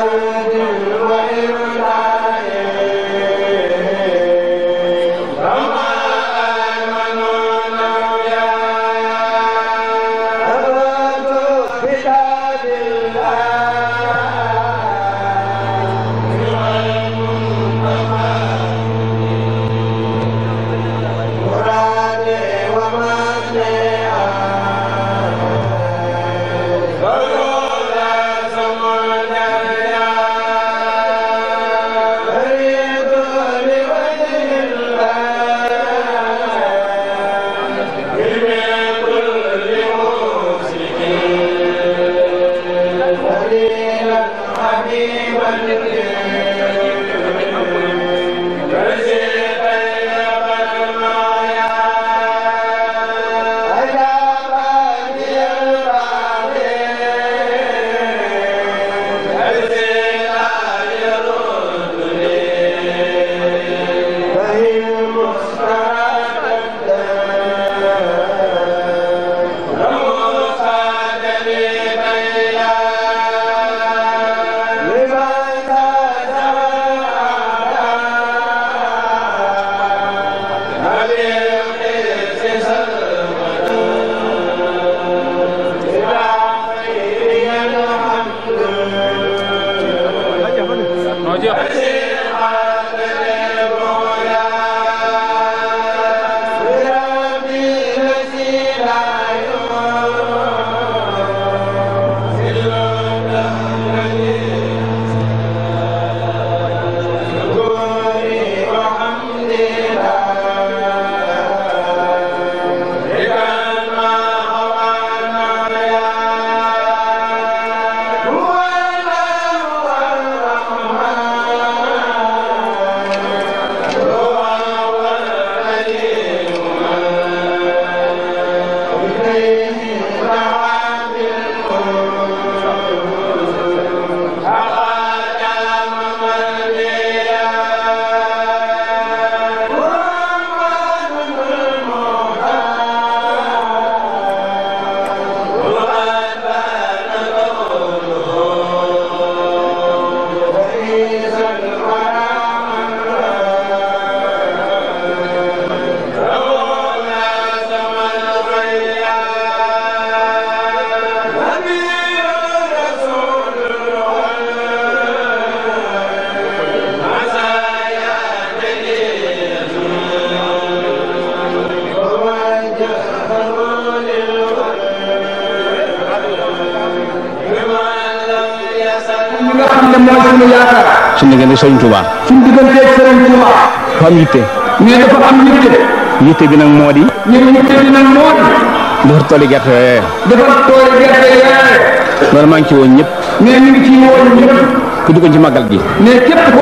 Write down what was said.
Senhor. am yaakaar. suñu diggante Sëriñ Touba. suñu diggante Sëriñ am yitte. mais dafa am yitte. yitte bi nag moo di. ñun yitte bi nag moo defar tooli gerte yooyee. defar tooli gerte yooyee. loolu maa ngi ci woon ñëpp. mais ñu ci woon ñëpp. ku dugg ci màggal gi. mais képp